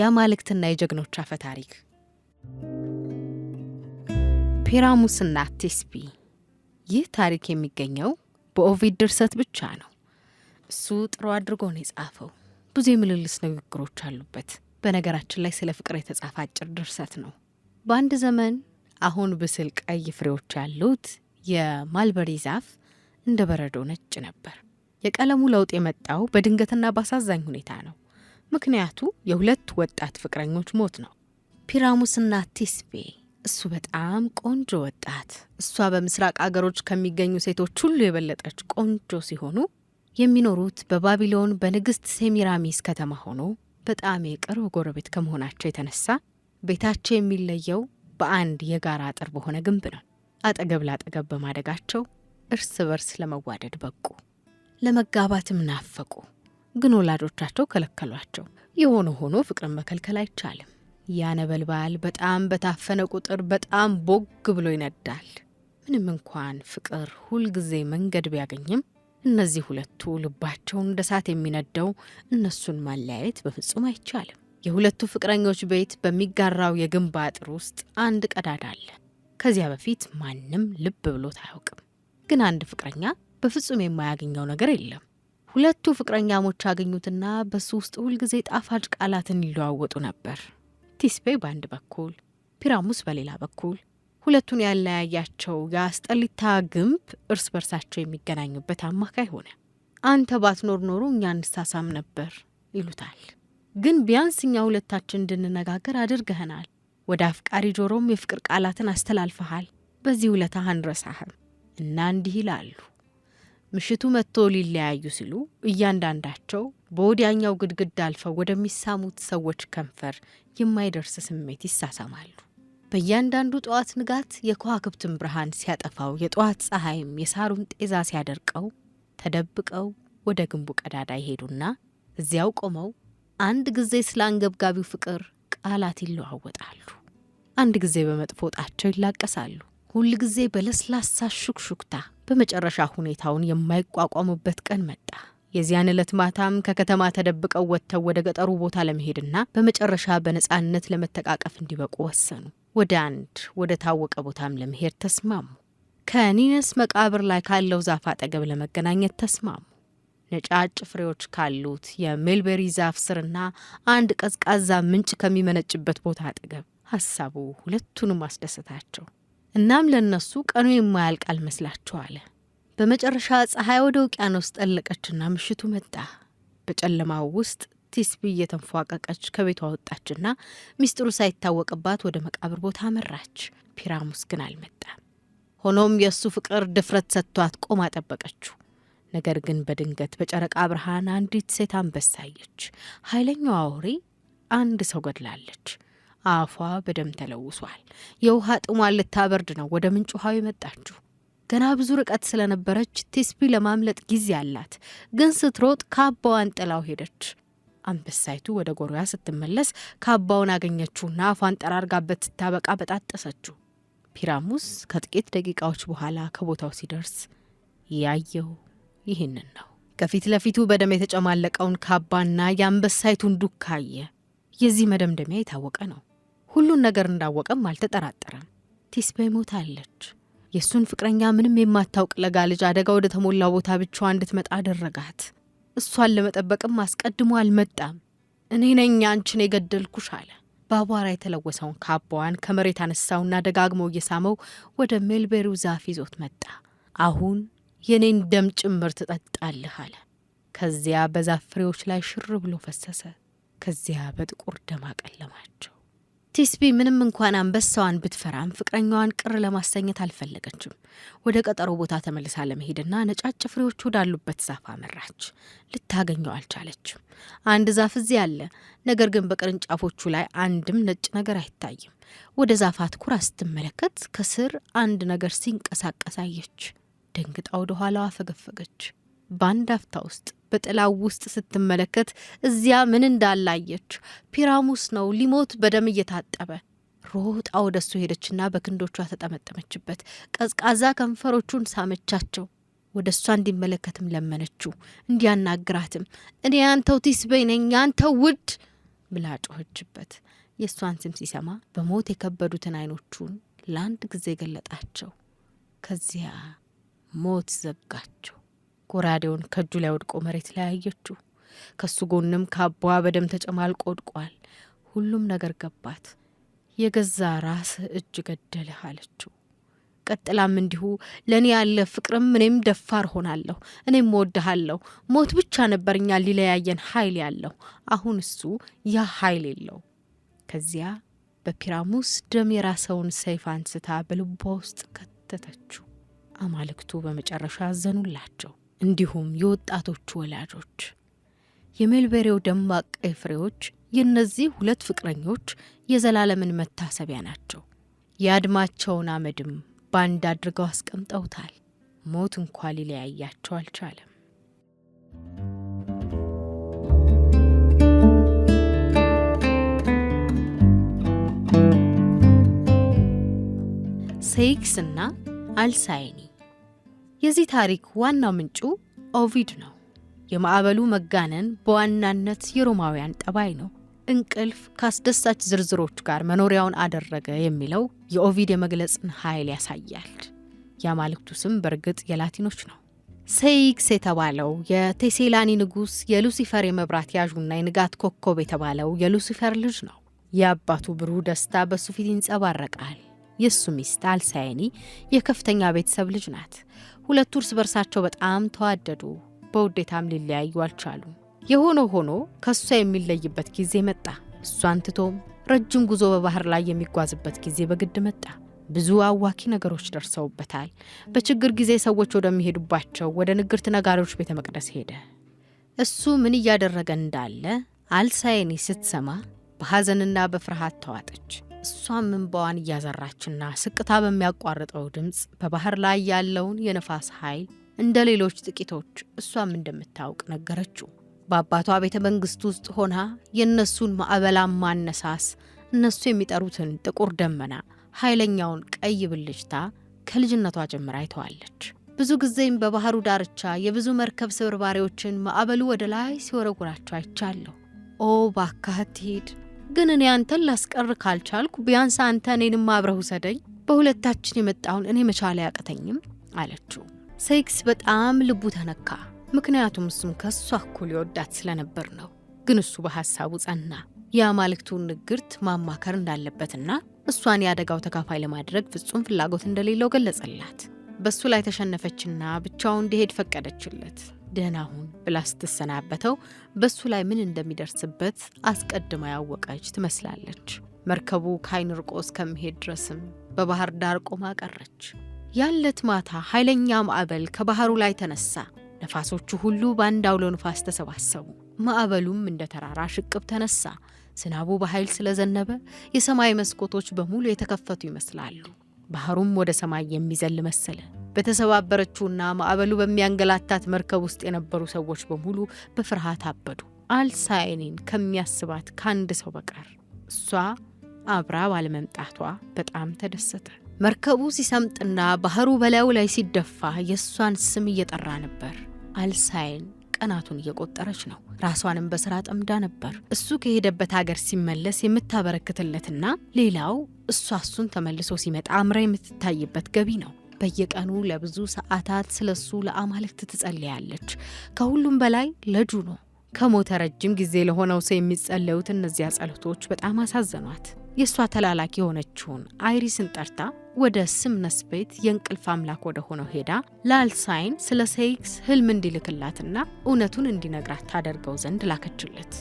የአማልክትና የጀግኖች አፈ ታሪክ ፒራሙስና ቴስቢ። ይህ ታሪክ የሚገኘው በኦቪድ ድርሰት ብቻ ነው። እሱ ጥሩ አድርጎ ነው የጻፈው። ብዙ የምልልስ ንግግሮች አሉበት። በነገራችን ላይ ስለ ፍቅር የተጻፈ አጭር ድርሰት ነው። በአንድ ዘመን አሁን ብስል ቀይ ፍሬዎች ያሉት የማልበሪ ዛፍ እንደ በረዶ ነጭ ነበር። የቀለሙ ለውጥ የመጣው በድንገትና በአሳዛኝ ሁኔታ ነው። ምክንያቱ የሁለት ወጣት ፍቅረኞች ሞት ነው። ፒራሙስና ቲስቤ እሱ በጣም ቆንጆ ወጣት፣ እሷ በምስራቅ አገሮች ከሚገኙ ሴቶች ሁሉ የበለጠች ቆንጆ ሲሆኑ የሚኖሩት በባቢሎን በንግሥት ሴሚራሚስ ከተማ ሆኖ በጣም የቅርብ ጎረቤት ከመሆናቸው የተነሳ ቤታቸው የሚለየው በአንድ የጋራ አጥር በሆነ ግንብ ነው። አጠገብ ላጠገብ በማደጋቸው እርስ በርስ ለመዋደድ በቁ፣ ለመጋባትም ናፈቁ። ግን ወላጆቻቸው ከለከሏቸው። የሆነ ሆኖ ፍቅርን መከልከል አይቻልም። ያ ነበልባል በጣም በታፈነ ቁጥር በጣም ቦግ ብሎ ይነዳል። ምንም እንኳን ፍቅር ሁልጊዜ መንገድ ቢያገኝም እነዚህ ሁለቱ ልባቸውን እንደ እሳት የሚነደው እነሱን ማለያየት በፍጹም አይቻልም። የሁለቱ ፍቅረኞች ቤት በሚጋራው የግንብ አጥር ውስጥ አንድ ቀዳዳ አለ። ከዚያ በፊት ማንም ልብ ብሎት አያውቅም። ግን አንድ ፍቅረኛ በፍጹም የማያገኘው ነገር የለም። ሁለቱ ፍቅረኛሞች አገኙትና በሱ ውስጥ ሁልጊዜ ጣፋጭ ቃላትን ይለዋወጡ ነበር። ቲስቤ በአንድ በኩል፣ ፒራሙስ በሌላ በኩል። ሁለቱን ያለያያቸው የአስጠሊታ ግንብ እርስ በርሳቸው የሚገናኙበት አማካይ ሆነ። አንተ ባትኖር ኖሮ እኛ እንሳሳም ነበር ይሉታል። ግን ቢያንስ እኛ ሁለታችን እንድንነጋገር አድርገህናል። ወደ አፍቃሪ ጆሮም የፍቅር ቃላትን አስተላልፈሃል። በዚህ ውለታህ አንረሳህም እና እንዲህ ይላሉ ምሽቱ መጥቶ ሊለያዩ ሲሉ እያንዳንዳቸው በወዲያኛው ግድግዳ አልፈው ወደሚሳሙት ሰዎች ከንፈር የማይደርስ ስሜት ይሳሳማሉ። በእያንዳንዱ ጠዋት ንጋት የከዋክብትን ብርሃን ሲያጠፋው፣ የጠዋት ፀሐይም የሳሩን ጤዛ ሲያደርቀው ተደብቀው ወደ ግንቡ ቀዳዳ ይሄዱና እዚያው ቆመው አንድ ጊዜ ስለ አንገብጋቢው ፍቅር ቃላት ይለዋወጣሉ። አንድ ጊዜ በመጥፎ ጣቸው ይላቀሳሉ። ሁል ጊዜ በለስላሳ ሹክሹክታ በመጨረሻ ሁኔታውን የማይቋቋሙበት ቀን መጣ። የዚያን ዕለት ማታም ከከተማ ተደብቀው ወጥተው ወደ ገጠሩ ቦታ ለመሄድና በመጨረሻ በነፃነት ለመተቃቀፍ እንዲበቁ ወሰኑ። ወደ አንድ ወደ ታወቀ ቦታም ለመሄድ ተስማሙ። ከኒነስ መቃብር ላይ ካለው ዛፍ አጠገብ ለመገናኘት ተስማሙ። ነጫጭ ፍሬዎች ካሉት የሜልቤሪ ዛፍ ስርና አንድ ቀዝቃዛ ምንጭ ከሚመነጭበት ቦታ አጠገብ ሀሳቡ ሁለቱንም አስደሰታቸው። እናም ለነሱ ቀኑ የማያልቅ አልመስላቸው አለ። በመጨረሻ ፀሐይ ወደ ውቅያኖስ ጠለቀችና ምሽቱ መጣ። በጨለማው ውስጥ ቲስቢ እየተንፏቀቀች ከቤቷ ወጣችና ሚስጥሩ ሳይታወቅባት ወደ መቃብር ቦታ አመራች። ፒራሙስ ግን አልመጣም። ሆኖም የእሱ ፍቅር ድፍረት ሰጥቷት ቆማ ጠበቀችው። ነገር ግን በድንገት በጨረቃ ብርሃን አንዲት ሴት አንበሳ አየች። ኃይለኛዋ አውሬ አንድ ሰው ገድላለች። አፏ በደም ተለውሷል። የውሃ ጥሟን ልታበርድ ነው ወደ ምንጭ ውሃው የመጣችሁ። ገና ብዙ ርቀት ስለነበረች ቴስፒ ለማምለጥ ጊዜ አላት። ግን ስትሮጥ ካባዋን ጥላው ሄደች። አንበሳይቱ ወደ ጎሪያ ስትመለስ ካባውን አገኘችውና አፏን ጠራርጋበት ስታበቃ በጣጠሰችው። ፒራሙስ ከጥቂት ደቂቃዎች በኋላ ከቦታው ሲደርስ ያየው ይህንን ነው። ከፊት ለፊቱ በደም የተጨማለቀውን ካባና የአንበሳይቱን ዱካ አየ። የዚህ መደምደሚያ የታወቀ ነው። ሁሉን ነገር እንዳወቀም አልተጠራጠረም። ቲስቤ ሞታለች። የእሱን ፍቅረኛ ምንም የማታውቅ ለጋ ልጅ አደጋ ወደ ተሞላ ቦታ ብቻዋ እንድትመጣ አደረጋት። እሷን ለመጠበቅም አስቀድሞ አልመጣም። እኔ ነኝ አንቺን የገደልኩሽ አለ። በአቧራ የተለወሰውን ካባዋን ከመሬት አነሳውና ደጋግሞ እየሳመው ወደ ሜልቤሪው ዛፍ ይዞት መጣ። አሁን የኔን ደም ጭምር ትጠጣልህ አለ። ከዚያ በዛፍ ፍሬዎች ላይ ሽር ብሎ ፈሰሰ። ከዚያ በጥቁር ደም አቀለማቸው። ቲስቢ ምንም እንኳን አንበሳዋን ብትፈራም ፍቅረኛዋን ቅር ለማሰኘት አልፈለገችም። ወደ ቀጠሮ ቦታ ተመልሳ ለመሄድና ነጫጭ ፍሬዎቹ ወዳሉበት ዛፍ አመራች። ልታገኘው አልቻለችም። አንድ ዛፍ እዚህ አለ፣ ነገር ግን በቅርንጫፎቹ ላይ አንድም ነጭ ነገር አይታይም። ወደ ዛፍ አትኩራ ስትመለከት ከስር አንድ ነገር ሲንቀሳቀስ አየች። ደንግጣ ወደ ኋላዋ ፈገፈገች። በአንድ አፍታ ውስጥ በጥላው ውስጥ ስትመለከት እዚያ ምን እንዳላየች ፒራሙስ ነው ሊሞት በደም እየታጠበ ሮጣ ወደሱ ሄደችና በክንዶቿ ተጠመጠመችበት። ቀዝቃዛ ከንፈሮቹን ሳመቻቸው። ወደ እሷ እንዲመለከትም ለመነችው፣ እንዲያናግራትም። እኔ ያንተው ቲስበይ ነኝ ያንተው ውድ ብላ ጮኸችበት። የእሷን ስም ሲሰማ በሞት የከበዱትን አይኖቹን ለአንድ ጊዜ ገለጣቸው። ከዚያ ሞት ዘጋቸው። ጎራዴውን ከእጁ ላይ ወድቆ መሬት ላይ አየችው። ከሱ ጎንም ካባዋ በደም ተጨማልቆ ወድቋል። ሁሉም ነገር ገባት። የገዛ ራስ እጅ ገደልህ አለችው። ቀጥላም እንዲሁ ለእኔ ያለ ፍቅርም እኔም ደፋር ሆናለሁ፣ እኔም ወድሃለሁ። ሞት ብቻ ነበር እኛ ሊለያየን ኃይል ያለው። አሁን እሱ ያ ኃይል የለው። ከዚያ በፒራሙስ ደም የራሰውን ሰይፍ አንስታ በልቧ ውስጥ ከተተችው። አማልክቱ በመጨረሻ አዘኑላቸው። እንዲሁም የወጣቶቹ ወላጆች። የሜልበሬው ደማቅ ቀይ ፍሬዎች የእነዚህ ሁለት ፍቅረኞች የዘላለምን መታሰቢያ ናቸው። የአድማቸውን አመድም ባንድ አድርገው አስቀምጠውታል። ሞት እንኳ ሊለያያቸው አልቻለም። ሴይክስ እና አልሳይኒ የዚህ ታሪክ ዋናው ምንጩ ኦቪድ ነው። የማዕበሉ መጋነን በዋናነት የሮማውያን ጠባይ ነው። እንቅልፍ ከአስደሳች ዝርዝሮች ጋር መኖሪያውን አደረገ የሚለው የኦቪድ የመግለጽን ኃይል ያሳያል። የአማልክቱ ስም በእርግጥ የላቲኖች ነው። ሴይክስ የተባለው የቴሴላኒ ንጉሥ የሉሲፈር የመብራት ያዡና የንጋት ኮከብ የተባለው የሉሲፈር ልጅ ነው። የአባቱ ብሩህ ደስታ በሱ ፊት ይንጸባረቃል። የእሱ ሚስት አልሳይኒ የከፍተኛ ቤተሰብ ልጅ ናት። ሁለቱ እርስ በርሳቸው በጣም ተዋደዱ። በውዴታም ሊለያዩ አልቻሉ። የሆነ ሆኖ ከእሷ የሚለይበት ጊዜ መጣ። እሷን ትቶም ረጅም ጉዞ በባህር ላይ የሚጓዝበት ጊዜ በግድ መጣ። ብዙ አዋኪ ነገሮች ደርሰውበታል። በችግር ጊዜ ሰዎች ወደሚሄዱባቸው ወደ ንግርት ነጋሪዎች ቤተ መቅደስ ሄደ። እሱ ምን እያደረገ እንዳለ አልሳይኒ ስትሰማ በሐዘንና በፍርሃት ተዋጠች። እሷም እንባዋን እያዘራችና ስቅታ በሚያቋርጠው ድምፅ በባህር ላይ ያለውን የነፋስ ኃይል እንደ ሌሎች ጥቂቶች እሷም እንደምታውቅ ነገረችው። በአባቷ ቤተ መንግስት ውስጥ ሆና የእነሱን ማዕበላ ማነሳስ እነሱ የሚጠሩትን ጥቁር ደመና፣ ኃይለኛውን ቀይ ብልጭታ ከልጅነቷ ጀምራ አይተዋለች። ብዙ ጊዜም በባህሩ ዳርቻ የብዙ መርከብ ስብርባሪዎችን ማዕበሉ ወደ ላይ ሲወረውራቸው አይቻለሁ። ኦ ባካህ ትሂድ ግን እኔ አንተን ላስቀር ካልቻልኩ ቢያንስ አንተ እኔንም አብረህ ውሰደኝ፣ በሁለታችን የመጣውን እኔ መቻል አያቅተኝም አለችው። ሴክስ በጣም ልቡ ተነካ። ምክንያቱም እሱም ከሷ እኩል ይወዳት ስለነበር ነው። ግን እሱ በሐሳቡ ጸና። የአማልክቱን ንግርት ማማከር እንዳለበትና እሷን የአደጋው ተካፋይ ለማድረግ ፍጹም ፍላጎት እንደሌለው ገለጸላት። በእሱ ላይ ተሸነፈችና ብቻውን እንዲሄድ ፈቀደችለት። ደህና ሁን ብላ ስትሰናበተው በሱ ላይ ምን እንደሚደርስበት አስቀድማ ያወቀች ትመስላለች። መርከቡ ከአይን ርቆ እስከሚሄድ ድረስም በባህር ዳር ቆማ ቀረች። ያለት ማታ ኃይለኛ ማዕበል ከባህሩ ላይ ተነሳ። ነፋሶቹ ሁሉ በአንድ አውሎ ንፋስ ተሰባሰቡ። ማዕበሉም እንደ ተራራ ሽቅብ ተነሳ። ዝናቡ በኃይል ስለዘነበ የሰማይ መስኮቶች በሙሉ የተከፈቱ ይመስላሉ። ባህሩም ወደ ሰማይ የሚዘል መሰለ። በተሰባበረችውና ማዕበሉ በሚያንገላታት መርከብ ውስጥ የነበሩ ሰዎች በሙሉ በፍርሃት አበዱ። አልሳይኒን ከሚያስባት ከአንድ ሰው በቀር እሷ አብራ ባለመምጣቷ በጣም ተደሰተ። መርከቡ ሲሰምጥና ባህሩ በላዩ ላይ ሲደፋ የእሷን ስም እየጠራ ነበር። አልሳይን ቀናቱን እየቆጠረች ነው። ራሷንም በስራ ጠምዳ ነበር። እሱ ከሄደበት ሀገር ሲመለስ የምታበረክትለትና ሌላው እሷ እሱን ተመልሶ ሲመጣ አምራ የምትታይበት ገቢ ነው። በየቀኑ ለብዙ ሰዓታት ስለሱ ለአማልክት ትጸልያለች። ከሁሉም በላይ ለጁኖ ከሞተ ረጅም ጊዜ ለሆነው ሰው የሚጸለዩት እነዚያ ጸሎቶች በጣም አሳዘኗት። የእሷ ተላላኪ የሆነችውን አይሪስን ጠርታ ወደ ስምነስ ቤት የእንቅልፍ አምላክ ወደ ሆነው ሄዳ ላልሳይን ስለ ሴይክስ ህልም እንዲልክላትና እውነቱን እንዲነግራት ታደርገው ዘንድ ላከችለት።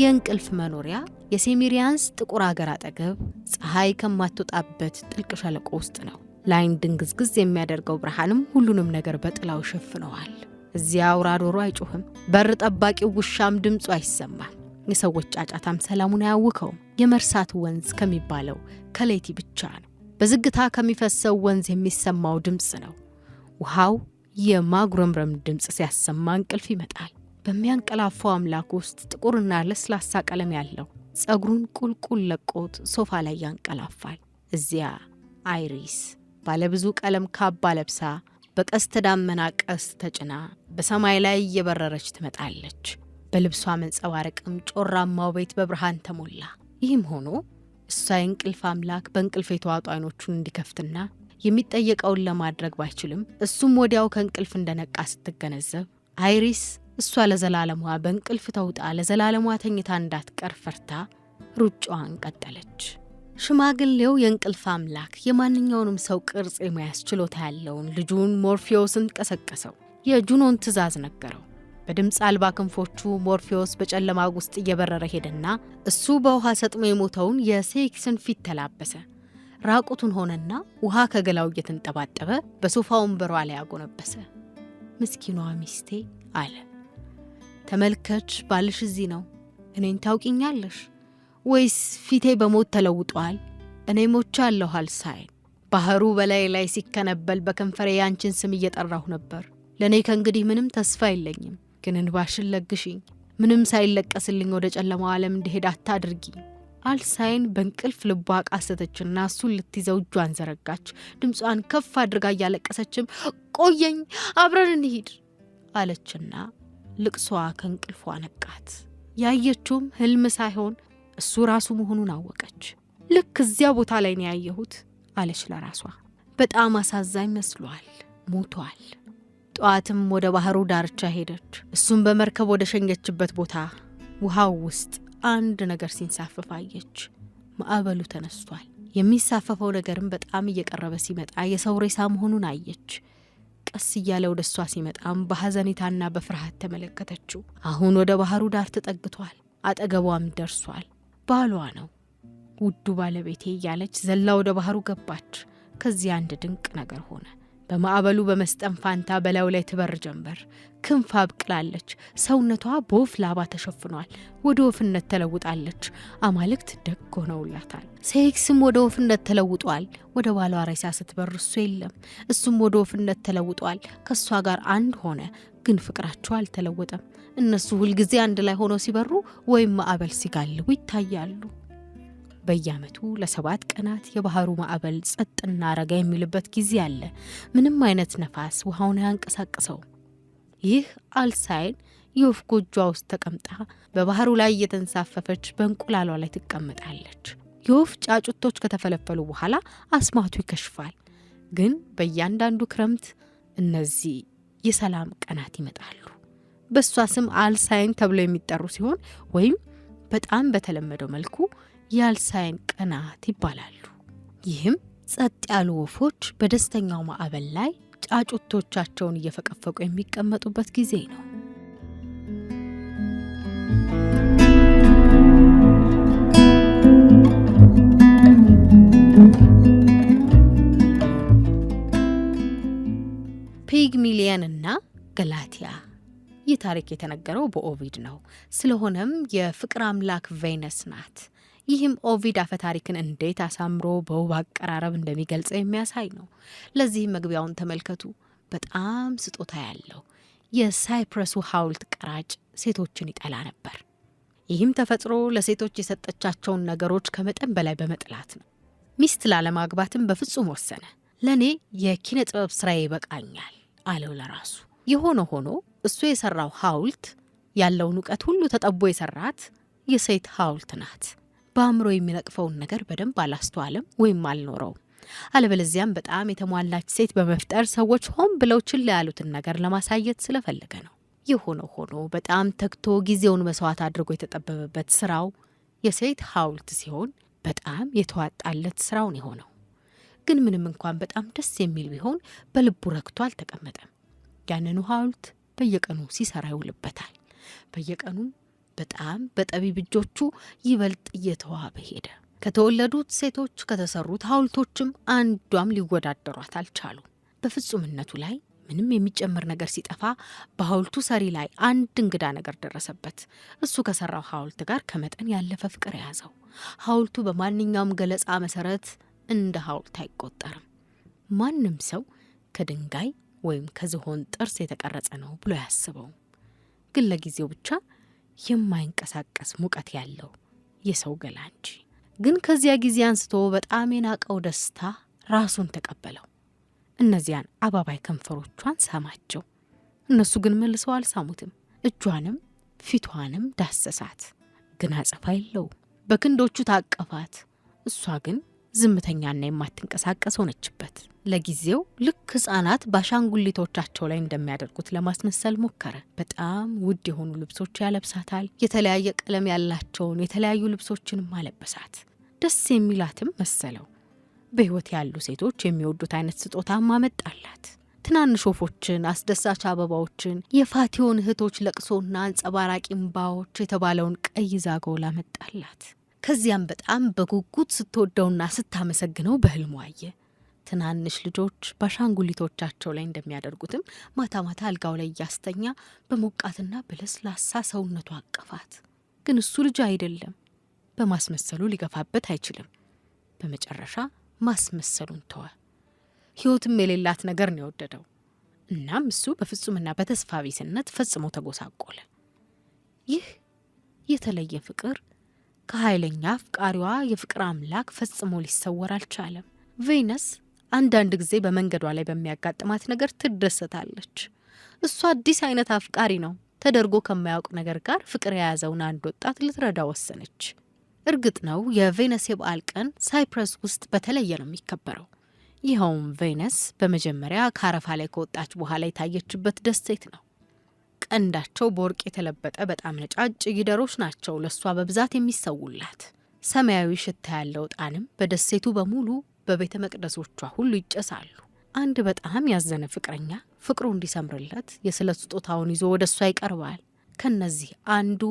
የእንቅልፍ መኖሪያ የሴሚሪያንስ ጥቁር አገር አጠገብ ፀሐይ ከማትወጣበት ጥልቅ ሸለቆ ውስጥ ነው። ላይን ድንግዝግዝ የሚያደርገው ብርሃንም ሁሉንም ነገር በጥላው ሸፍነዋል። እዚያ አውራ ዶሮ አይጮህም፣ በር ጠባቂው ውሻም ድምፁ አይሰማም። የሰዎች ጫጫታም ሰላሙን አያውከውም። የመርሳት ወንዝ ከሚባለው ከሌቲ ብቻ ነው። በዝግታ ከሚፈሰው ወንዝ የሚሰማው ድምፅ ነው። ውሃው የማጉረምረም ድምፅ ሲያሰማ እንቅልፍ ይመጣል። በሚያንቀላፋው አምላክ ውስጥ ጥቁርና ለስላሳ ቀለም ያለው ጸጉሩን ቁልቁል ለቆት ሶፋ ላይ ያንቀላፋል። እዚያ አይሪስ ባለብዙ ቀለም ካባ ለብሳ በቀስተ ደመና ቀስት ተጭና በሰማይ ላይ እየበረረች ትመጣለች። በልብሷ መንጸባረቅም ጮራማው ቤት በብርሃን ተሞላ። ይህም ሆኖ እሷ የእንቅልፍ አምላክ በእንቅልፍ የተዋጡ አይኖቹን እንዲከፍትና የሚጠየቀውን ለማድረግ ባይችልም እሱም ወዲያው ከእንቅልፍ እንደነቃ ስትገነዘብ አይሪስ እሷ ለዘላለሟ በእንቅልፍ ተውጣ ለዘላለሟ ተኝታ እንዳትቀር ፈርታ ሩጫዋን ቀጠለች። ሽማግሌው የእንቅልፍ አምላክ የማንኛውንም ሰው ቅርጽ የመያዝ ችሎታ ያለውን ልጁን ሞርፊዎስን ቀሰቀሰው። የጁኖን ትዕዛዝ ነገረው። በድምፅ አልባ ክንፎቹ ሞርፊዎስ በጨለማ ውስጥ እየበረረ ሄደና እሱ በውሃ ሰጥሞ የሞተውን የሴክስን ፊት ተላበሰ። ራቁቱን ሆነና ውሃ ከገላው እየተንጠባጠበ በሶፋ ወንበሯ ላይ አጎነበሰ። ምስኪኗ ሚስቴ አለ፣ ተመልከች፣ ባልሽ እዚህ ነው። እኔን ታውቂኛለሽ ወይስ ፊቴ በሞት ተለውጧል? እኔ ሞቻ አለሁ አልሳይን ባህሩ በላይ ላይ ሲከነበል በከንፈሬ ያንቺን ስም እየጠራሁ ነበር። ለእኔ ከእንግዲህ ምንም ተስፋ የለኝም። ግን እንባሽን ለግሽኝ፣ ምንም ሳይለቀስልኝ ወደ ጨለማው ዓለም እንዲሄድ አታድርጊ አልሳይን በእንቅልፍ ልቧ ቃሰተችና እሱን ልትይዘው እጇን ዘረጋች። ድምጿን ከፍ አድርጋ እያለቀሰችም ቆየኝ፣ አብረን እንሂድ አለችና ልቅሷ ከእንቅልፏ ነቃት። ያየችውም ህልም ሳይሆን እሱ ራሱ መሆኑን አወቀች። ልክ እዚያ ቦታ ላይ ነው ያየሁት አለች ለራሷ። በጣም አሳዛኝ መስሏል። ሞቷል። ጠዋትም ወደ ባህሩ ዳርቻ ሄደች። እሱም በመርከብ ወደ ሸኘችበት ቦታ ውሃው ውስጥ አንድ ነገር ሲንሳፈፍ አየች። ማዕበሉ ተነስቷል። የሚንሳፈፈው ነገርም በጣም እየቀረበ ሲመጣ የሰው ሬሳ መሆኑን አየች። ቀስ እያለ ወደ እሷ ሲመጣም በሐዘኔታና በፍርሃት ተመለከተችው። አሁን ወደ ባህሩ ዳር ተጠግቷል። አጠገቧም ደርሷል። ባሏ ነው፣ ውዱ ባለቤቴ እያለች ዘላ ወደ ባህሩ ገባች። ከዚያ አንድ ድንቅ ነገር ሆነ። በማዕበሉ በመስጠም ፋንታ በላዩ ላይ ትበር ጀንበር ክንፍ አብቅላለች። ሰውነቷ በወፍ ላባ ተሸፍኗል። ወደ ወፍነት ተለውጣለች። አማልክት ደግ ሆነውላታል። ሴክስም ወደ ወፍነት ተለውጧል። ወደ ባሏ ሬሳ ስትበር እሱ የለም፣ እሱም ወደ ወፍነት ተለውጧል። ከእሷ ጋር አንድ ሆነ፣ ግን ፍቅራቸው አልተለወጠም። እነሱ ሁልጊዜ አንድ ላይ ሆነው ሲበሩ ወይም ማዕበል ሲጋልቡ ይታያሉ። በየዓመቱ ለሰባት ቀናት የባህሩ ማዕበል ጸጥና ረጋ የሚልበት ጊዜ አለ። ምንም አይነት ነፋስ ውሃውን አያንቀሳቅሰው። ይህ አልሳይን የወፍ ጎጇ ውስጥ ተቀምጣ በባህሩ ላይ እየተንሳፈፈች በእንቁላሏ ላይ ትቀመጣለች። የወፍ ጫጩቶች ከተፈለፈሉ በኋላ አስማቱ ይከሽፋል። ግን በእያንዳንዱ ክረምት እነዚህ የሰላም ቀናት ይመጣሉ። በእሷ ስም አልሳይን ተብለው የሚጠሩ ሲሆን ወይም በጣም በተለመደው መልኩ ያልሳይን ቀናት ይባላሉ። ይህም ጸጥ ያሉ ወፎች በደስተኛው ማዕበል ላይ ጫጩቶቻቸውን እየፈቀፈቁ የሚቀመጡበት ጊዜ ነው። ፒግሚሊየን እና ገላቲያ ይህ ታሪክ የተነገረው በኦቪድ ነው። ስለሆነም የፍቅር አምላክ ቬነስ ናት። ይህም ኦቪድ አፈታሪክን እንዴት አሳምሮ በውብ አቀራረብ እንደሚገልጸው የሚያሳይ ነው። ለዚህም መግቢያውን ተመልከቱ። በጣም ስጦታ ያለው የሳይፕረሱ ሐውልት ቀራጭ ሴቶችን ይጠላ ነበር። ይህም ተፈጥሮ ለሴቶች የሰጠቻቸውን ነገሮች ከመጠን በላይ በመጥላት ነው። ሚስት ላለማግባትም በፍጹም ወሰነ። ለእኔ የኪነ ጥበብ ስራዬ ይበቃኛል አለው ለራሱ። የሆነ ሆኖ እሱ የሰራው ሐውልት ያለውን እውቀት ሁሉ ተጠቦ የሰራት የሴት ሐውልት ናት። በአእምሮ የሚነቅፈውን ነገር በደንብ አላስተዋለም ወይም አልኖረውም። አለበለዚያም በጣም የተሟላች ሴት በመፍጠር ሰዎች ሆን ብለው ችላ ያሉትን ነገር ለማሳየት ስለፈለገ ነው። ይህ ሆኖ ሆኖ በጣም ተግቶ ጊዜውን መስዋዕት አድርጎ የተጠበበበት ስራው የሴት ሐውልት ሲሆን በጣም የተዋጣለት ስራውን የሆነው ግን ምንም እንኳን በጣም ደስ የሚል ቢሆን በልቡ ረክቶ አልተቀመጠም። ያንኑ ሐውልት በየቀኑ ሲሰራ ይውልበታል። በየቀኑም በጣም በጠቢብ እጆቹ ይበልጥ እየተዋበ ሄደ። ከተወለዱት ሴቶች ከተሰሩት ሐውልቶችም አንዷም ሊወዳደሯት አልቻሉ። በፍጹምነቱ ላይ ምንም የሚጨምር ነገር ሲጠፋ በሐውልቱ ሰሪ ላይ አንድ እንግዳ ነገር ደረሰበት። እሱ ከሰራው ሐውልት ጋር ከመጠን ያለፈ ፍቅር የያዘው። ሐውልቱ በማንኛውም ገለጻ መሰረት እንደ ሐውልት አይቆጠርም። ማንም ሰው ከድንጋይ ወይም ከዝሆን ጥርስ የተቀረጸ ነው ብሎ ያስበው። ግን ለጊዜው ብቻ የማይንቀሳቀስ ሙቀት ያለው የሰው ገላ እንጂ። ግን ከዚያ ጊዜ አንስቶ በጣም የናቀው ደስታ ራሱን ተቀበለው። እነዚያን አባባይ ከንፈሮቿን ሳማቸው። እነሱ ግን መልሰው አልሳሙትም። እጇንም ፊቷንም ዳሰሳት፣ ግን አጸፋ የለው። በክንዶቹ ታቀፋት፣ እሷ ግን ዝምተኛና የማትንቀሳቀስ ሆነችበት። ለጊዜው ልክ ህጻናት በአሻንጉሊቶቻቸው ላይ እንደሚያደርጉት ለማስመሰል ሞከረ። በጣም ውድ የሆኑ ልብሶች ያለብሳታል። የተለያየ ቀለም ያላቸውን የተለያዩ ልብሶችንም አለበሳት። ደስ የሚላትም መሰለው። በህይወት ያሉ ሴቶች የሚወዱት አይነት ስጦታ ማመጣላት። ትናንሽ ወፎችን፣ አስደሳች አበባዎችን፣ የፋቲዮን እህቶች ለቅሶና አንጸባራቂ እምባዎች የተባለውን ቀይ ዛጎል አመጣላት። ከዚያም በጣም በጉጉት ስትወደውና ስታመሰግነው በህልሙ አየ። ትናንሽ ልጆች በአሻንጉሊቶቻቸው ላይ እንደሚያደርጉትም ማታ ማታ አልጋው ላይ እያስተኛ በሞቃትና በለስላሳ ሰውነቱ አቀፋት። ግን እሱ ልጅ አይደለም፣ በማስመሰሉ ሊገፋበት አይችልም። በመጨረሻ ማስመሰሉን ተወ። ህይወትም የሌላት ነገር ነው የወደደው። እናም እሱ በፍጹምና በተስፋ ቢስነት ፈጽሞ ተጎሳቆለ። ይህ የተለየ ፍቅር ከኃይለኛ አፍቃሪዋ የፍቅር አምላክ ፈጽሞ ሊሰወር አልቻለም። ቬነስ አንዳንድ ጊዜ በመንገዷ ላይ በሚያጋጥማት ነገር ትደሰታለች። እሱ አዲስ አይነት አፍቃሪ ነው ተደርጎ ከማያውቅ ነገር ጋር ፍቅር የያዘውን አንድ ወጣት ልትረዳ ወሰነች። እርግጥ ነው የቬነስ የበዓል ቀን ሳይፕረስ ውስጥ በተለየ ነው የሚከበረው። ይኸውም ቬነስ በመጀመሪያ ከአረፋ ላይ ከወጣች በኋላ የታየችበት ደሴት ነው። ቀንዳቸው በወርቅ የተለበጠ በጣም ነጫጭ ጊደሮች ናቸው ለእሷ በብዛት የሚሰውላት። ሰማያዊ ሽታ ያለው ጣንም በደሴቱ በሙሉ በቤተ መቅደሶቿ ሁሉ ይጨሳሉ። አንድ በጣም ያዘነ ፍቅረኛ ፍቅሩ እንዲሰምርለት የስለት ስጦታውን ይዞ ወደ እሷ ይቀርባል። ከነዚህ አንዱ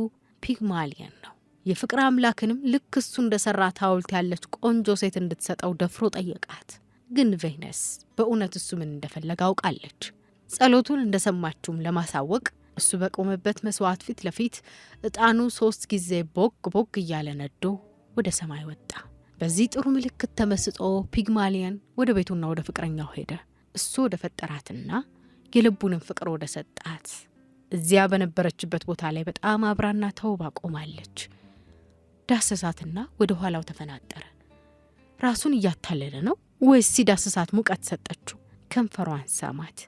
ፒግማሊየን ነው። የፍቅር አምላክንም ልክ እሱ እንደ ሰራት ሐውልት ያለች ቆንጆ ሴት እንድትሰጠው ደፍሮ ጠየቃት። ግን ቬነስ በእውነት እሱ ምን እንደፈለገ አውቃለች። ጸሎቱን እንደሰማችውም ለማሳወቅ እሱ በቆመበት መስዋዕት ፊት ለፊት እጣኑ ሶስት ጊዜ ቦግ ቦግ እያለ ነዶ ወደ ሰማይ ወጣ። በዚህ ጥሩ ምልክት ተመስጦ ፒግማሊየን ወደ ቤቱና ወደ ፍቅረኛው ሄደ። እሱ ወደ ፈጠራትና የልቡንም ፍቅር ወደ ሰጣት። እዚያ በነበረችበት ቦታ ላይ በጣም አብራና ተውባ ቆማለች። ዳሰሳትና ወደ ኋላው ተፈናጠረ። ራሱን እያታለለ ነው ወይስ ሲዳስሳት ሙቀት ሰጠችው? ከንፈሯን ሳማት።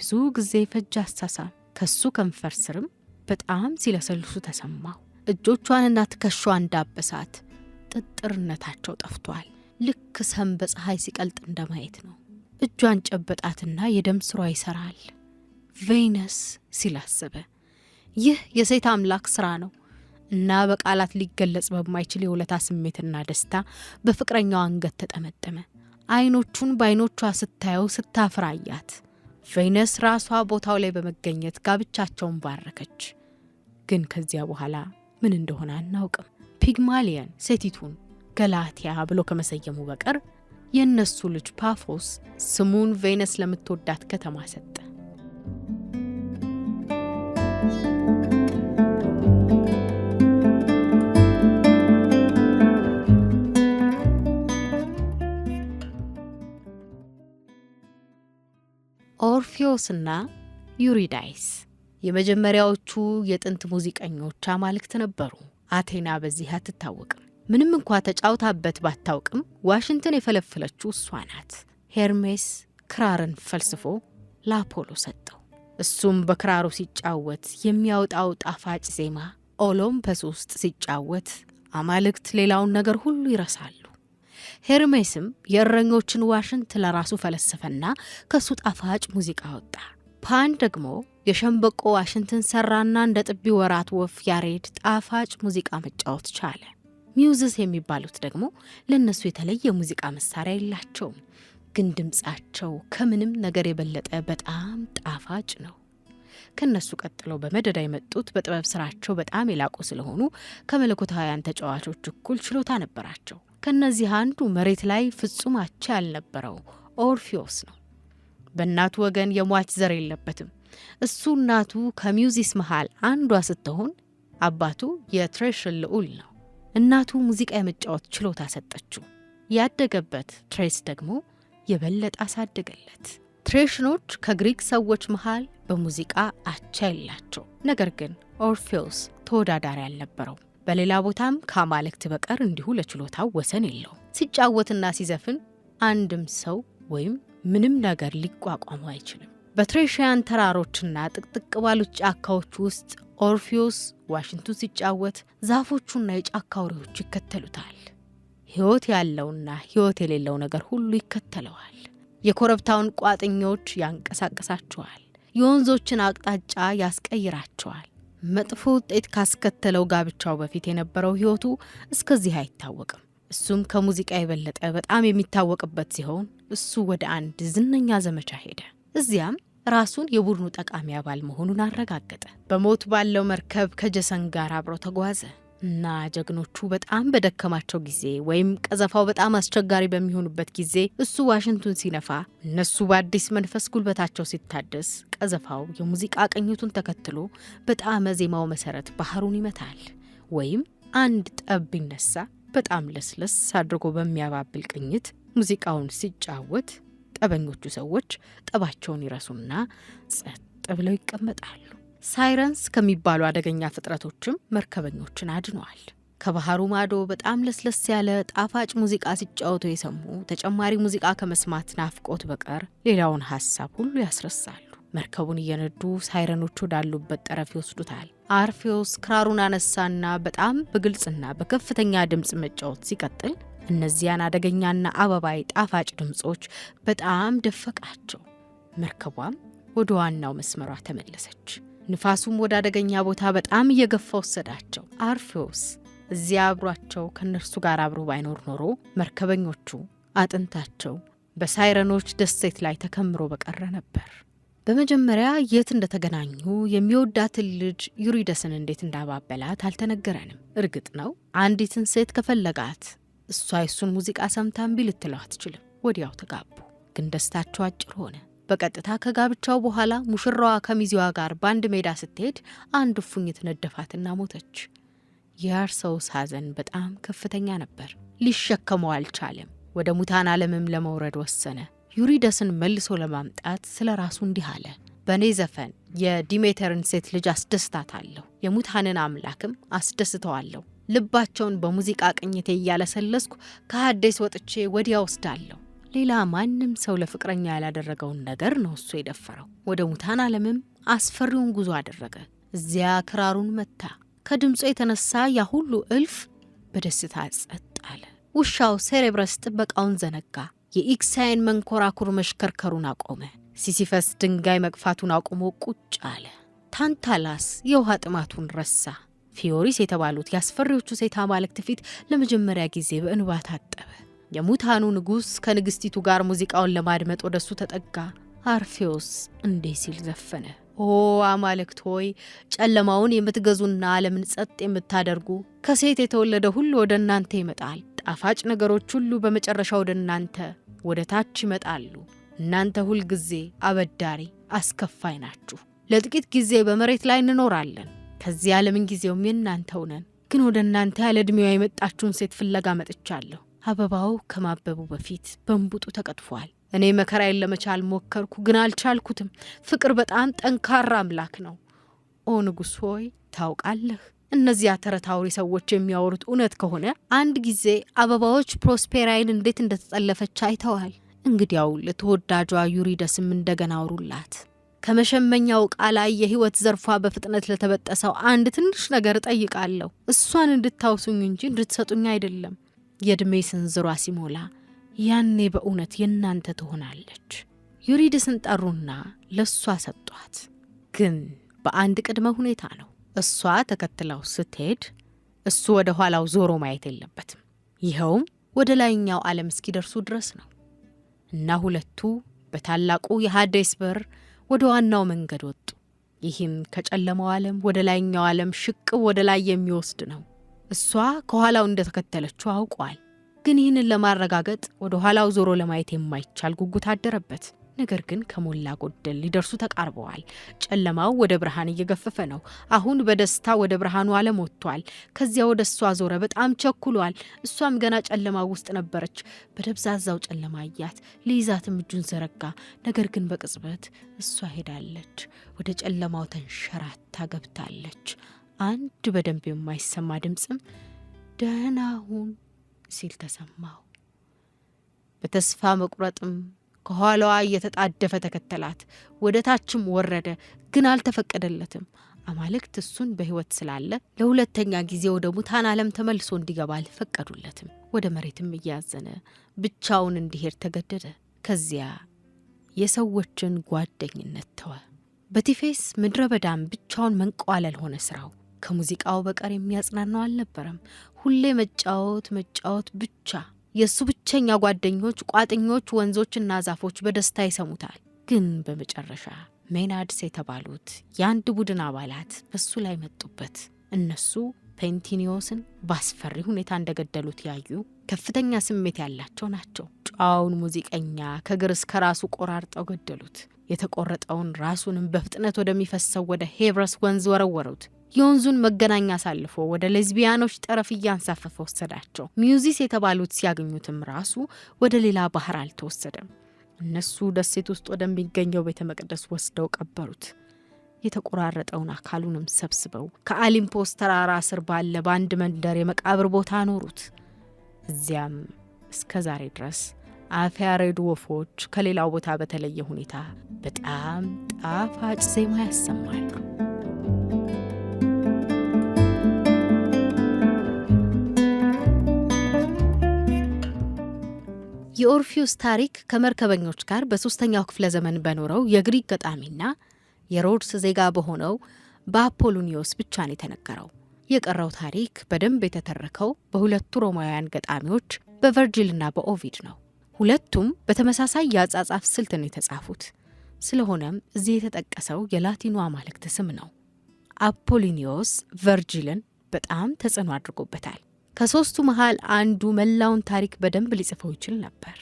ብዙ ጊዜ ፈጅ አሳሳም ከሱ ከንፈር ስርም በጣም ሲለሰልሱ ተሰማሁ። እጆቿንና ትከሿን እንዳበሳት ጥጥርነታቸው ጠፍቷል። ልክ ሰም በፀሐይ ሲቀልጥ እንደማየት ነው። እጇን ጨበጣትና የደም ስሯ ይሰራል። ቬይነስ ሲል ይህ የሴት አምላክ ስራ ነው እና በቃላት ሊገለጽ በማይችል የውለታ ስሜትና ደስታ በፍቅረኛው አንገት ተጠመጠመ። አይኖቹን በአይኖቿ ስታየው ስታፍራያት ቬነስ ራሷ ቦታው ላይ በመገኘት ጋብቻቸውን ባረከች። ግን ከዚያ በኋላ ምን እንደሆነ አናውቅም። ፒግማሊየን ሴቲቱን ገላቲያ ብሎ ከመሰየሙ በቀር የእነሱ ልጅ ፓፎስ ስሙን ቬነስ ለምትወዳት ከተማ ሰጠ። ኦርፊዎስና ዩሪዳይስ የመጀመሪያዎቹ የጥንት ሙዚቀኞች አማልክት ነበሩ። አቴና በዚህ አትታወቅም። ምንም እንኳ ተጫውታበት ባታውቅም ዋሽንትን የፈለፈለችው እሷ ናት። ሄርሜስ ክራርን ፈልስፎ ለአፖሎ ሰጠው። እሱም በክራሩ ሲጫወት የሚያወጣው ጣፋጭ ዜማ ኦሎምፐስ ውስጥ ሲጫወት አማልክት ሌላውን ነገር ሁሉ ይረሳል። ሄርሜስም የእረኞችን ዋሽንት ለራሱ ፈለሰፈና ከሱ ጣፋጭ ሙዚቃ ወጣ። ፓን ደግሞ የሸንበቆ ዋሽንትን ሰራና እንደ ጥቢ ወራት ወፍ ያሬድ ጣፋጭ ሙዚቃ መጫወት ቻለ። ሚውዝስ የሚባሉት ደግሞ ለእነሱ የተለየ ሙዚቃ መሳሪያ የላቸውም፣ ግን ድምፃቸው ከምንም ነገር የበለጠ በጣም ጣፋጭ ነው። ከነሱ ቀጥለው በመደዳ የመጡት በጥበብ ስራቸው በጣም የላቁ ስለሆኑ ከመለኮታውያን ተጫዋቾች እኩል ችሎታ ነበራቸው። ከእነዚህ አንዱ መሬት ላይ ፍጹም አቻ ያልነበረው ኦርፊዎስ ነው። በእናቱ ወገን የሟች ዘር የለበትም። እሱ እናቱ ከሚውዚስ መሃል አንዷ ስትሆን አባቱ የትሬሽን ልዑል ነው። እናቱ ሙዚቃ የመጫወት ችሎታ ሰጠችው። ያደገበት ትሬስ ደግሞ የበለጠ አሳደገለት። ትሬሽኖች ከግሪክ ሰዎች መሃል በሙዚቃ አቻ የላቸው። ነገር ግን ኦርፌዎስ ተወዳዳሪ አልነበረውም። በሌላ ቦታም ከአማልክት በቀር እንዲሁ ለችሎታው ወሰን የለው። ሲጫወትና ሲዘፍን አንድም ሰው ወይም ምንም ነገር ሊቋቋሙ አይችልም። በትሬሽያን ተራሮችና ጥቅጥቅ ባሉት ጫካዎች ውስጥ ኦርፊዮስ ዋሽንቱን ሲጫወት ዛፎቹና የጫካ አውሬዎቹ ይከተሉታል። ሕይወት ያለውና ሕይወት የሌለው ነገር ሁሉ ይከተለዋል። የኮረብታውን ቋጥኞች ያንቀሳቅሳቸዋል። የወንዞችን አቅጣጫ ያስቀይራቸዋል። መጥፎ ውጤት ካስከተለው ጋብቻው በፊት የነበረው ህይወቱ እስከዚህ አይታወቅም። እሱም ከሙዚቃ የበለጠ በጣም የሚታወቅበት ሲሆን እሱ ወደ አንድ ዝነኛ ዘመቻ ሄደ። እዚያም ራሱን የቡድኑ ጠቃሚ አባል መሆኑን አረጋገጠ። በሞት ባለው መርከብ ከጀሰን ጋር አብሮ ተጓዘ። እና ጀግኖቹ በጣም በደከማቸው ጊዜ ወይም ቀዘፋው በጣም አስቸጋሪ በሚሆኑበት ጊዜ እሱ ዋሽንቱን ሲነፋ፣ እነሱ በአዲስ መንፈስ ጉልበታቸው ሲታደስ፣ ቀዘፋው የሙዚቃ ቅኝቱን ተከትሎ በጣም ዜማው መሰረት ባህሩን ይመታል። ወይም አንድ ጠብ ይነሳ፣ በጣም ለስለስ አድርጎ በሚያባብል ቅኝት ሙዚቃውን ሲጫወት ጠበኞቹ ሰዎች ጠባቸውን ይረሱና ጸጥ ብለው ይቀመጣሉ። ሳይረንስ ከሚባሉ አደገኛ ፍጥረቶችም መርከበኞችን አድነዋል። ከባህሩ ማዶ በጣም ለስለስ ያለ ጣፋጭ ሙዚቃ ሲጫወቱ የሰሙ ተጨማሪ ሙዚቃ ከመስማት ናፍቆት በቀር ሌላውን ሀሳብ ሁሉ ያስረሳሉ። መርከቡን እየነዱ ሳይረኖቹ ወዳሉበት ጠረፍ ይወስዱታል። አርፌዎስ ክራሩን አነሳና በጣም በግልጽና በከፍተኛ ድምፅ መጫወት ሲቀጥል እነዚያን አደገኛና አበባይ ጣፋጭ ድምፆች በጣም ደፈቃቸው። መርከቧም ወደ ዋናው መስመሯ ተመለሰች። ንፋሱም ወደ አደገኛ ቦታ በጣም እየገፋ ወሰዳቸው። አርፌዎስ እዚያ አብሯቸው ከእነርሱ ጋር አብሮ ባይኖር ኖሮ መርከበኞቹ አጥንታቸው በሳይረኖች ደሴት ላይ ተከምሮ በቀረ ነበር። በመጀመሪያ የት እንደተገናኙ የሚወዳትን ልጅ ዩሪደስን እንዴት እንዳባበላት አልተነገረንም። እርግጥ ነው አንዲትን ሴት ከፈለጋት እሷ የሱን ሙዚቃ ሰምታ እምቢ ልትለው አትችልም። ወዲያው ተጋቡ። ግን ደስታቸው አጭር ሆነ። በቀጥታ ከጋብቻው በኋላ ሙሽራዋ ከሚዜዋ ጋር በአንድ ሜዳ ስትሄድ አንድ እፉኝ ነደፋትና ሞተች። የአርሰውስ ሐዘን በጣም ከፍተኛ ነበር። ሊሸከመው አልቻለም። ወደ ሙታን ዓለምም ለመውረድ ወሰነ። ዩሪደስን መልሶ ለማምጣት ስለ ራሱ እንዲህ አለ። በእኔ ዘፈን የዲሜተርን ሴት ልጅ አስደስታታለሁ፣ የሙታንን አምላክም አስደስተዋለሁ። ልባቸውን በሙዚቃ ቅኝቴ እያለሰለስኩ ከሀዴስ ወጥቼ ወዲያ ወስዳለሁ። ሌላ ማንም ሰው ለፍቅረኛ ያላደረገውን ነገር ነው እሱ የደፈረው። ወደ ሙታን ዓለምም አስፈሪውን ጉዞ አደረገ። እዚያ ክራሩን መታ። ከድምፁ የተነሳ ያ ሁሉ እልፍ በደስታ ጸጥ አለ። ውሻው ሴሬብረስ ጥበቃውን ዘነጋ። የኢክሳይን መንኮራኩር መሽከርከሩን አቆመ። ሲሲፈስ ድንጋይ መቅፋቱን አቁሞ ቁጭ አለ። ታንታላስ የውሃ ጥማቱን ረሳ። ፊዮሪስ የተባሉት የአስፈሪዎቹ ሴት አማልክት ፊት ለመጀመሪያ ጊዜ በእንባ ታጠበ። የሙታኑ ንጉሥ ከንግሥቲቱ ጋር ሙዚቃውን ለማድመጥ ወደሱ ተጠጋ። አርፌዎስ እንዲህ ሲል ዘፈነ። ኦ አማልክት ሆይ ጨለማውን የምትገዙና ዓለምን ጸጥ የምታደርጉ ከሴት የተወለደ ሁሉ ወደ እናንተ ይመጣል። ጣፋጭ ነገሮች ሁሉ በመጨረሻ ወደ እናንተ ወደ ታች ይመጣሉ። እናንተ ሁልጊዜ አበዳሪ፣ አስከፋይ ናችሁ። ለጥቂት ጊዜ በመሬት ላይ እንኖራለን። ከዚህ ዓለምን ጊዜውም የእናንተው ነን። ግን ወደ እናንተ ያለ ዕድሜዋ የመጣችሁን ሴት ፍለጋ መጥቻለሁ። አበባው ከማበቡ በፊት በንቡጡ ተቀጥፏል። እኔ መከራዬን ለመቻል ሞከርኩ፣ ግን አልቻልኩትም። ፍቅር በጣም ጠንካራ አምላክ ነው። ኦ ንጉሥ ሆይ ታውቃለህ፣ እነዚያ ተረት ሰዎች የሚያወሩት እውነት ከሆነ አንድ ጊዜ አበባዎች ፕሮስፔራይን እንዴት እንደተጠለፈች አይተዋል። እንግዲያው ለተወዳጇ ዩሪደስም እንደገና አውሩላት። ከመሸመኛው ዕቃ ላይ የህይወት ዘርፏ በፍጥነት ለተበጠሰው አንድ ትንሽ ነገር እጠይቃለሁ። እሷን እንድታውሱኝ እንጂ እንድትሰጡኝ አይደለም። የዕድሜ ስንዝሯ ሲሞላ ያኔ በእውነት የእናንተ ትሆናለች። ዩሪድስን ጠሩና ለእሷ ሰጧት። ግን በአንድ ቅድመ ሁኔታ ነው። እሷ ተከትለው ስትሄድ እሱ ወደ ኋላው ዞሮ ማየት የለበትም። ይኸውም ወደ ላይኛው ዓለም እስኪደርሱ ድረስ ነው እና ሁለቱ በታላቁ የሃዴስ በር ወደ ዋናው መንገድ ወጡ። ይህም ከጨለማው ዓለም ወደ ላይኛው ዓለም ሽቅብ ወደ ላይ የሚወስድ ነው። እሷ ከኋላው እንደተከተለችው አውቋል። ግን ይህንን ለማረጋገጥ ወደ ኋላው ዞሮ ለማየት የማይቻል ጉጉት አደረበት። ነገር ግን ከሞላ ጎደል ሊደርሱ ተቃርበዋል። ጨለማው ወደ ብርሃን እየገፈፈ ነው። አሁን በደስታ ወደ ብርሃኑ ዓለም ወጥቷል። ከዚያ ወደ እሷ ዞረ። በጣም ቸኩሏል። እሷም ገና ጨለማ ውስጥ ነበረች። በደብዛዛው ጨለማ እያት፣ ሊይዛትም እጁን ዘረጋ። ነገር ግን በቅጽበት እሷ ሄዳለች። ወደ ጨለማው ተንሸራታ ገብታለች። አንድ በደንብ የማይሰማ ድምፅም ደህና ሁን ሲል ተሰማው። በተስፋ መቁረጥም ከኋላዋ እየተጣደፈ ተከተላት። ወደ ታችም ወረደ፣ ግን አልተፈቀደለትም። አማልክት እሱን በሕይወት ስላለ ለሁለተኛ ጊዜ ወደ ሙታን ዓለም ተመልሶ እንዲገባ አልፈቀዱለትም። ወደ መሬትም እያዘነ ብቻውን እንዲሄድ ተገደደ። ከዚያ የሰዎችን ጓደኝነት ተወ። በቲፌስ ምድረ በዳም ብቻውን መንቀዋለል ሆነ ስራው። ከሙዚቃው በቀር የሚያጽናናው አልነበረም። ሁሌ መጫወት መጫወት ብቻ። የእሱ ብቸኛ ጓደኞች ቋጥኞች፣ ወንዞችና ዛፎች በደስታ ይሰሙታል። ግን በመጨረሻ ሜናድስ የተባሉት የአንድ ቡድን አባላት በሱ ላይ መጡበት። እነሱ ፔንቲኒዮስን በአስፈሪ ሁኔታ እንደገደሉት ያዩ ከፍተኛ ስሜት ያላቸው ናቸው። ጨዋውን ሙዚቀኛ ከእግር እስከ ራሱ ቆራርጠው ገደሉት። የተቆረጠውን ራሱንም በፍጥነት ወደሚፈሰው ወደ ሄብረስ ወንዝ ወረወሩት። የወንዙን መገናኛ አሳልፎ ወደ ሌዝቢያኖች ጠረፍ እያንሳፈፈ ወሰዳቸው። ሚውዚስ የተባሉት ሲያገኙትም ራሱ ወደ ሌላ ባህር አልተወሰደም። እነሱ ደሴት ውስጥ ወደሚገኘው ቤተ መቅደስ ወስደው ቀበሩት። የተቆራረጠውን አካሉንም ሰብስበው ከአሊምፖስ ተራራ ስር ባለ በአንድ መንደር የመቃብር ቦታ አኖሩት። እዚያም እስከ ዛሬ ድረስ አፍ ወፎች ከሌላው ቦታ በተለየ ሁኔታ በጣም ጣፋጭ ዜማ ያሰማሉ። የኦርፊዮስ ታሪክ ከመርከበኞች ጋር በሶስተኛው ክፍለ ዘመን በኖረው የግሪክ ገጣሚና የሮድስ ዜጋ በሆነው በአፖሎኒዮስ ብቻ ነው የተነገረው። የቀረው ታሪክ በደንብ የተተረከው በሁለቱ ሮማውያን ገጣሚዎች በቨርጂልና በኦቪድ ነው። ሁለቱም በተመሳሳይ የአጻጻፍ ስልት ነው የተጻፉት። ስለሆነም እዚህ የተጠቀሰው የላቲኑ አማልክት ስም ነው። አፖሊኒዮስ ቨርጂልን በጣም ተጽዕኖ አድርጎበታል። ከሶስቱ መሃል አንዱ መላውን ታሪክ በደንብ ሊጽፈው ይችል ነበር።